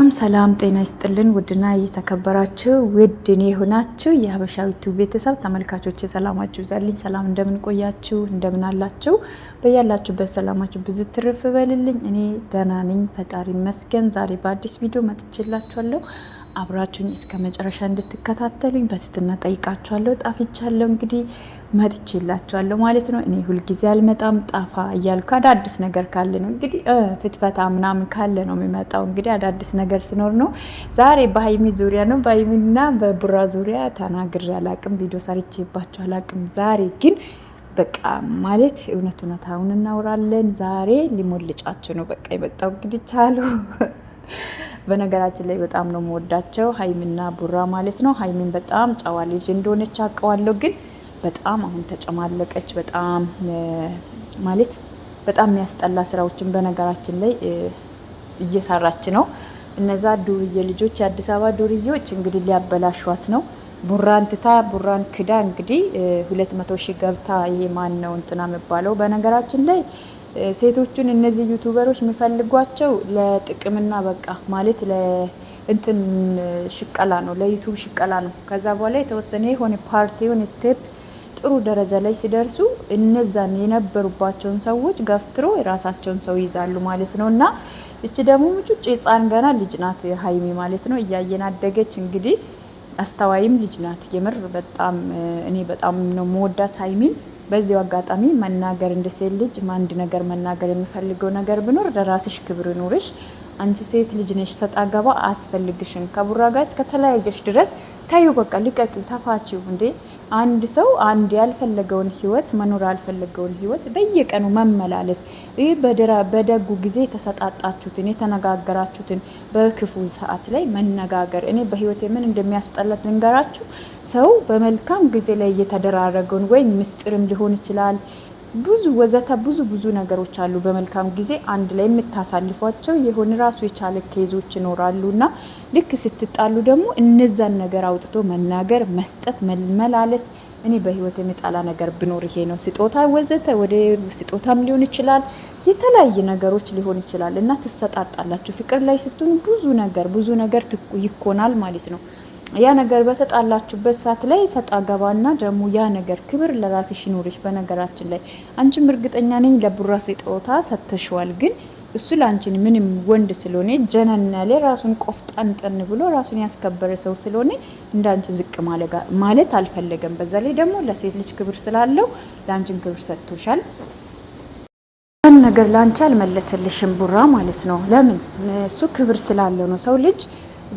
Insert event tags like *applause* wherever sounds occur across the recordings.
ሰላም ሰላም፣ ጤና ይስጥልን ውድና እየተከበራችሁ ውድ እኔ የሆናችሁ የሀበሻዊቱ ቤተሰብ ተመልካቾች ሰላማችሁ ይብዛልኝ። ሰላም እንደምን ቆያችሁ? እንደምን አላችሁ? በያላችሁበት ሰላማችሁ ብዙ ትርፍ በልልኝ። እኔ ደህና ነኝ፣ ፈጣሪ ይመስገን። ዛሬ በአዲስ ቪዲዮ መጥቼላችኋለሁ። አብራችሁኝ እስከ መጨረሻ እንድትከታተሉኝ በትህትና ጠይቃችኋለሁ። ጣፍቻለሁ እንግዲህ መጥቼላችኋለሁ ማለት ነው። እኔ ሁልጊዜ አልመጣም ጣፋ እያልኩ አዳዲስ ነገር ካለ ነው እንግዲህ ፍትፈታ ምናምን ካለ ነው የሚመጣው። እንግዲህ አዳዲስ ነገር ሲኖር ነው። ዛሬ በሀይሚ ዙሪያ ነው፣ በሀይሚና በቡራ ዙሪያ ተናግሬ አላቅም፣ ቪዲዮ ሰርቼባቸው አላቅም። ዛሬ ግን በቃ ማለት እውነት አሁን እናውራለን። ዛሬ ሊሞልጫቸው ነው በቃ የመጣው እንግዲህ ቻሉ። በነገራችን ላይ በጣም ነው መወዳቸው ሀይሚና ቡራ ማለት ነው። ሀይሚን በጣም ጨዋ ልጅ እንደሆነች አውቀዋለሁ ግን በጣም አሁን ተጨማለቀች። በጣም ማለት በጣም የሚያስጠላ ስራዎችን በነገራችን ላይ እየሰራች ነው። እነዛ ዱርዬ ልጆች የአዲስ አበባ ዱርዬዎች እንግዲህ ሊያበላሿት ነው። ቡራን ትታ ቡራን ክዳ እንግዲህ ሁለት መቶ ሺህ ገብታ ይሄ ማን ነው እንትና የሚባለው በነገራችን ላይ ሴቶቹን እነዚህ ዩቱበሮች የሚፈልጓቸው ለጥቅምና በቃ ማለት ለእንትን ሽቀላ ነው፣ ለዩቱብ ሽቀላ ነው። ከዛ በኋላ የተወሰነ የሆነ ፓርቲውን ስቴፕ ጥሩ ደረጃ ላይ ሲደርሱ እነዛን የነበሩባቸውን ሰዎች ገፍትሮ የራሳቸውን ሰው ይዛሉ ማለት ነው እና እች ደግሞ ምጩጭ ህፃን ገና ልጅ ናት ሀይሚ ማለት ነው። እያየን አደገች እንግዲህ አስተዋይም ልጅ ናት። የምር በጣም እኔ በጣም ነው መወዳት ሀይሚን። በዚሁ አጋጣሚ መናገር እንደ ሴት ልጅ አንድ ነገር መናገር የሚፈልገው ነገር ብኖር ለራስሽ ክብር ኑርሽ። አንቺ ሴት ልጅ ነሽ፣ ተጣገባ አስፈልግሽም። ከቡራ ጋር እስከተለያየሽ ድረስ ተዩ፣ በቃ ልቀቂው፣ ተፋቺው እንዴ አንድ ሰው አንድ ያልፈለገውን ህይወት መኖር ያልፈለገውን ህይወት በየቀኑ መመላለስ ይህ በደጉ ጊዜ የተሰጣጣችሁትን የተነጋገራችሁትን በክፉ ሰዓት ላይ መነጋገር። እኔ በህይወቴ ምን እንደሚያስጠላት ልንገራችሁ። ሰው በመልካም ጊዜ ላይ እየተደራረገውን ወይም ምስጢርም ሊሆን ይችላል ብዙ ወዘተ ብዙ ብዙ ነገሮች አሉ። በመልካም ጊዜ አንድ ላይ የምታሳልፏቸው የሆነ ራሱ የቻለ ኬዞች ይኖራሉ እና ልክ ስትጣሉ ደግሞ እነዛን ነገር አውጥቶ መናገር፣ መስጠት፣ መመላለስ። እኔ በህይወት የሚጣላ ነገር ብኖር ይሄ ነው። ስጦታ ወዘተ ወደ ስጦታም ሊሆን ይችላል፣ የተለያየ ነገሮች ሊሆን ይችላል እና ትሰጣጣላችሁ። ፍቅር ላይ ስትሆኑ ብዙ ነገር ብዙ ነገር ይኮናል ማለት ነው። ያ ነገር በተጣላችሁበት ሰዓት ላይ ሰጣ ና ደግሞ ያ ነገር ክብር ለራስሽ ይኖርሽ። በነገራችን ላይ አንቺም እርግጠኛ ነኝ ለቡራ ስጦታ ሰጥተሽዋል። ግን እሱ ለአንቺን ምንም ወንድ ስለሆነ ጀነና ላይ ራሱን ቆፍጠንጠን ብሎ ራሱን ያስከበረ ሰው ስለሆነ እንደ አንቺ ዝቅ ማለት አልፈለገም። በዛ ላይ ደግሞ ለሴት ልጅ ክብር ስላለው ለአንቺን ክብር ሰጥቶሻል። ያን ነገር ለአንቺ አልመለሰልሽም ቡራ ማለት ነው። ለምን እሱ ክብር ስላለው ነው ሰው ልጅ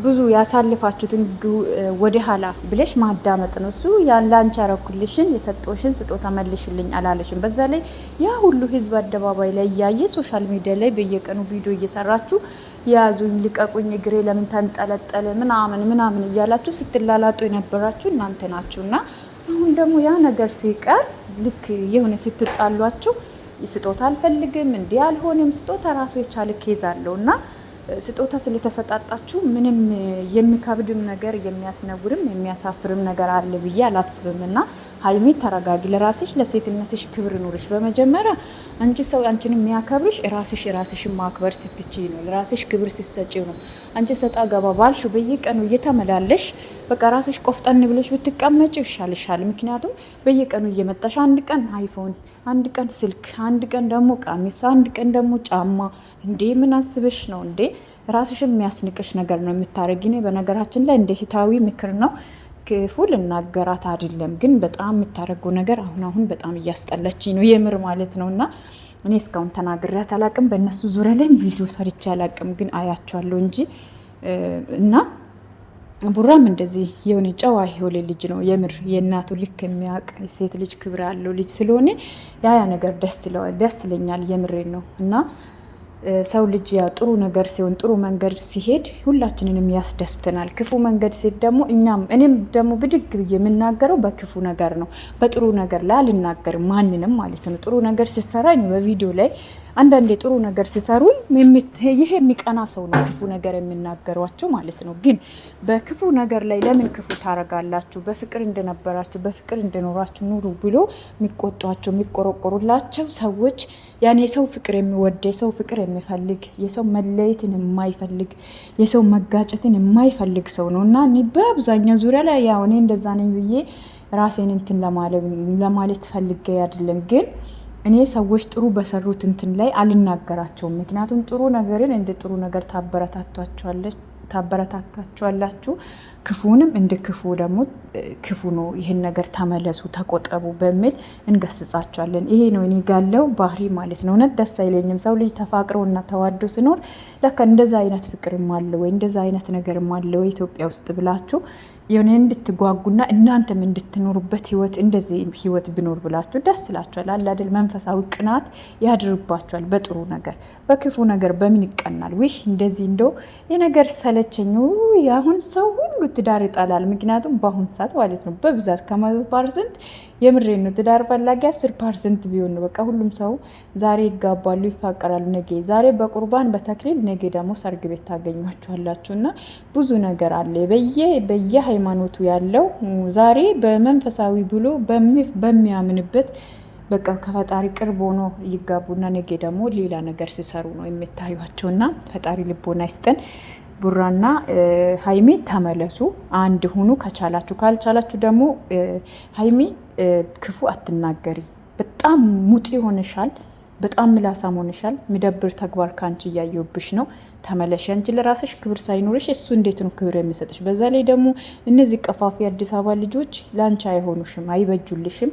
ብዙ ያሳልፋችሁትን ወደ ኋላ ብለሽ ማዳመጥ ነው። እሱ ያላንቺ ያረኩልሽን የሰጠሽን ስጦታ መልሽልኝ አላለሽም። በዛ ላይ ያ ሁሉ ህዝብ አደባባይ ላይ እያየ ሶሻል ሚዲያ ላይ በየቀኑ ቪዲዮ እየሰራችሁ የያዙኝ ልቀቁኝ፣ እግሬ ለምን ተንጠለጠለ ምናምን ምናምን እያላችሁ ስትላላጡ የነበራችሁ እናንተ ናችሁ። እና አሁን ደግሞ ያ ነገር ሲቀር ልክ የሆነ ስትጣሏችሁ ስጦታ አልፈልግም እንዲህ አልሆንም። ስጦታ ራሱ የቻለ ኬዝ አለው እና ስጦታ ስለተሰጣጣችሁ ምንም የሚከብድም ነገር የሚያስነውርም የሚያሳፍርም ነገር አለ ብዬ አላስብም እና ሀይሚ ተረጋጊ፣ ለራስሽ ለሴትነትሽ ክብር ኑርሽ። በመጀመሪያ አንቺ ሰው አንቺን የሚያከብርሽ ራስሽ ራስሽን ማክበር ስትችይ ነው፣ ለራስሽ ክብር ስትሰጪው ነው። አንቺ ሰጣ ገባ ባልሽ በየቀኑ እየተመላለሽ በቃ ራስሽ ቆፍጠን ብለሽ ብትቀመጭ ይሻልሻል። ምክንያቱም በየቀኑ እየመጣሽ አንድ ቀን አይፎን፣ አንድ ቀን ስልክ፣ አንድ ቀን ደግሞ ቀሚስ፣ አንድ ቀን ደግሞ ጫማ። እንዴ ምን አስበሽ ነው እንዴ? ራስሽን የሚያስንቅሽ ነገር ነው የምታደርጊ። በነገራችን ላይ እንደ ሂታዊ ምክር ነው ክፉ ልናገራት አይደለም፣ ግን በጣም የምታደርገው ነገር አሁን አሁን በጣም እያስጠላችኝ ነው የምር ማለት ነው። እና እኔ እስካሁን ተናግሬያት አላቅም፣ በእነሱ ዙሪያ ላይም ቪዲዮ ሰርቼ አላቅም፣ ግን አያቸዋለሁ እንጂ እና ቡራም እንደዚህ የሆነ ጨዋ የሆነ ልጅ ነው የምር የእናቱ ልክ የሚያውቅ ሴት ልጅ ክብር ያለው ልጅ ስለሆነ ያ ያ ነገር ደስ ይለዋል፣ ደስ ይለኛል። የምሬን ነው እና ሰው ልጅ ያ ጥሩ ነገር ሲሆን ጥሩ መንገድ ሲሄድ ሁላችንንም ያስደስተናል። ክፉ መንገድ ሲሄድ ደግሞ እኛም እኔም ደግሞ ብድግ ብዬ የምናገረው በክፉ ነገር ነው። በጥሩ ነገር ላይ አልናገርም ማንንም ማለት ነው። ጥሩ ነገር ሲሰራ በቪዲዮ ላይ አንዳንዴ ጥሩ ነገር ሲሰሩ ይሄ የሚቀና ሰው ነው ክፉ ነገር የሚናገሯቸው ማለት ነው። ግን በክፉ ነገር ላይ ለምን ክፉ ታረጋላችሁ? በፍቅር እንደነበራችሁ በፍቅር እንደኖራችሁ ኑሩ ብሎ የሚቆጧቸው የሚቆረቆሩላቸው ሰዎች ያን የሰው ፍቅር የሚወድ የሰው ፍቅር የሚፈልግ የሰው መለየትን የማይፈልግ የሰው መጋጨትን የማይፈልግ ሰው ነው እና በአብዛኛው ዙሪያ ላይ ያው እኔ እንደዛ ነኝ ብዬ ራሴን እንትን ለማለት ፈልጌ አይደለም ግን እኔ ሰዎች ጥሩ በሰሩት እንትን ላይ አልናገራቸውም። ምክንያቱም ጥሩ ነገርን እንደ ጥሩ ነገር ታበረታታችኋላችሁ፣ ክፉንም እንደ ክፉ ደግሞ ክፉ ነው፣ ይህን ነገር ተመለሱ፣ ተቆጠቡ በሚል እንገስጻቸዋለን። ይሄ ነው እኔ ጋለው ባህሪ ማለት ነው። እውነት ደስ አይለኝም። ሰው ልጅ ተፋቅረው እና ተዋዶ ሲኖር ለካ እንደዛ አይነት ፍቅርም አለ ወይ እንደዛ አይነት ነገርም አለ ወይ ኢትዮጵያ ውስጥ ብላችሁ የሆነ እንድትጓጉና እናንተም እንድትኖሩበት ህይወት እንደዚህ ህይወት ብኖር ብላችሁ ደስ ይላችኋል። አላደል መንፈሳዊ ቅናት ያድርባችኋል። በጥሩ ነገር በክፉ ነገር በምን ይቀናል? ውሽ እንደዚህ እንደው የነገር ሰለቸኝ። የአሁን ሰው ሁሉ ትዳር ይጣላል። ምክንያቱም በአሁን ሰዓት ማለት ነው በብዛት ከመቶ ፐርሰንት የምሬ ነው ትዳር ፈላጊ አስር ፐርሰንት ቢሆን ነው በቃ ሁሉም ሰው ዛሬ ይጋባሉ፣ ይፋቀራሉ። ነገ ዛሬ በቁርባን በተክሊል ነገ ደግሞ ሰርግ ቤት ታገኟችኋላችሁ። እና ብዙ ነገር አለ በየ በየ ሃይማኖቱ ያለው ዛሬ በመንፈሳዊ ብሎ በሚያምንበት በቃ ከፈጣሪ ቅርብ ሆኖ ይጋቡና ነገ ደግሞ ሌላ ነገር ሲሰሩ ነው የምታዩቸውና ፈጣሪ ልቦና ይስጠን። ቡራና ሀይሜ ተመለሱ፣ አንድ ሁኑ ከቻላችሁ። ካልቻላችሁ ደግሞ ሀይሜ ክፉ አትናገሪ። በጣም ሙጥ ሆነሻል፣ በጣም ምላሳም ሆነሻል። ሚደብር ተግባር ከአንቺ እያየውብሽ ነው። ተመለሽ። አንቺ ለራስሽ ክብር ሳይኖርሽ እሱ እንዴት ነው ክብር የሚሰጥሽ? በዛ ላይ ደግሞ እነዚህ ቀፋፊ አዲስ አበባ ልጆች ላንቺ አይሆኑሽም፣ አይበጁልሽም።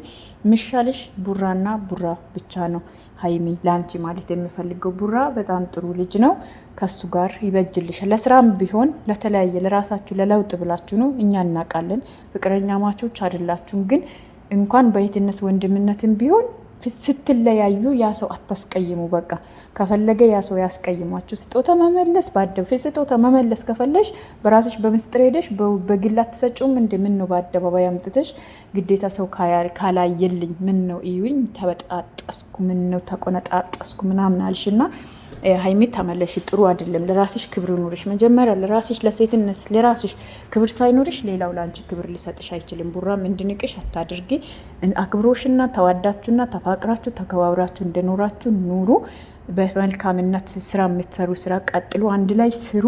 ምሻልሽ ቡራና ቡራ ብቻ ነው። ሀይሚ ላንቺ ማለት የሚፈልገው ቡራ በጣም ጥሩ ልጅ ነው። ከሱ ጋር ይበጅልሻል። ለስራም ቢሆን ለተለያየ ለራሳችሁ ለለውጥ ብላችሁ ነው። እኛ እናውቃለን፣ ፍቅረኛ ማቾች አይደላችሁም። ግን እንኳን በየትነት ወንድምነትም ቢሆን ስትለያዩ ያ ሰው አታስቀይሙ። በቃ ከፈለገ ያ ሰው ያስቀይሟችሁ። ስጦታ መመለስ በአደባባይ ስጦታ መመለስ ከፈለሽ በራስሽ በምስጢር ሄደሽ በግል አትሰጪውም። እንደምን ነው በአደባባይ አምጥተሽ ግዴታ ሰው ካላየልኝ ምን ነው እዩኝ፣ ተበጣጠስኩ፣ ምን ነው ተቆነጣጠስኩ ምናምን አልሽና ሀይሚ ተመለሽ። ጥሩ አይደለም። ለራስሽ ክብር ኑርሽ መጀመሪያ ለራስሽ ለሴትነት ለራስሽ ክብር ሳይኖርሽ ሌላው ለአንቺ ክብር ሊሰጥሽ አይችልም። ቡራም እንድንቅሽ አታድርጊ። አክብሮሽና ተዋዳችሁና ተፋቅራችሁ ተከባብራችሁ እንደኖራችሁ ኑሩ። በመልካምነት ስራ የምትሰሩ ስራ ቀጥሎ አንድ ላይ ስሩ።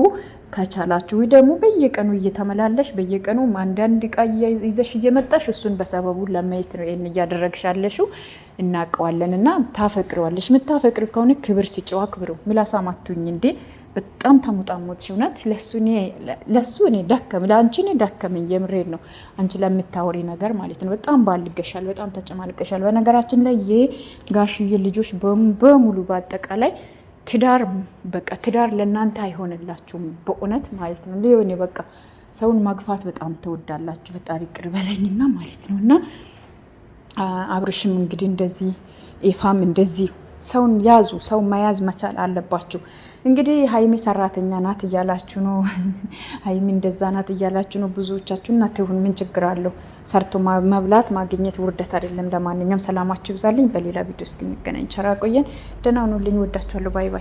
ከቻላችሁ ወይ ደግሞ በየቀኑ እየተመላለሽ በየቀኑ አንዳንድ እቃ ይዘሽ እየመጣሽ እሱን በሰበቡ ለማየት ነው ይህን እያደረግሻለሹ እናቀዋለን። እና ታፈቅረዋለሽ። ምታፈቅር ከሆነ ክብር ስጭው፣ አክብሩ። ምላሳማቱኝ እንዴ በጣም ተሙጣሞት ሲሆነት ለሱ እኔ ደከም ለአንቺ እኔ ደከመኝ። የምሬድ ነው አንቺ ለምታወሪ ነገር ማለት ነው። በጣም ባልገሻል፣ በጣም ተጨማልቀሻል። በነገራችን ላይ ጋሽዬ ልጆች በሙሉ በአጠቃላይ ትዳር በቃ ትዳር ለእናንተ አይሆንላችሁም በእውነት ማለት ነው። ሊሆን በቃ ሰውን ማግፋት በጣም ትወዳላችሁ። ፈጣሪ ቅር በለኝና ማለት ነው እና አብርሽም እንግዲህ እንደዚህ ኤፋም እንደዚህ ሰውን ያዙ፣ ሰው መያዝ መቻል አለባችሁ። እንግዲህ ሀይሚ ሰራተኛ ናት እያላችሁ ነው፣ *laughs* ሀይሚ እንደዛ ናት እያላችሁ ነው ብዙዎቻችሁ። እና ትሁን ምን ችግር አለው? ሰርቶ መብላት ማግኘት ውርደት አይደለም። ለማንኛውም ሰላማችሁ ይብዛልኝ። በሌላ ቪዲዮ እስክንገናኝ ቸር ቆየን። ደህና ሁኑልኝ። ወዳችኋለሁ። ባይ ባይ።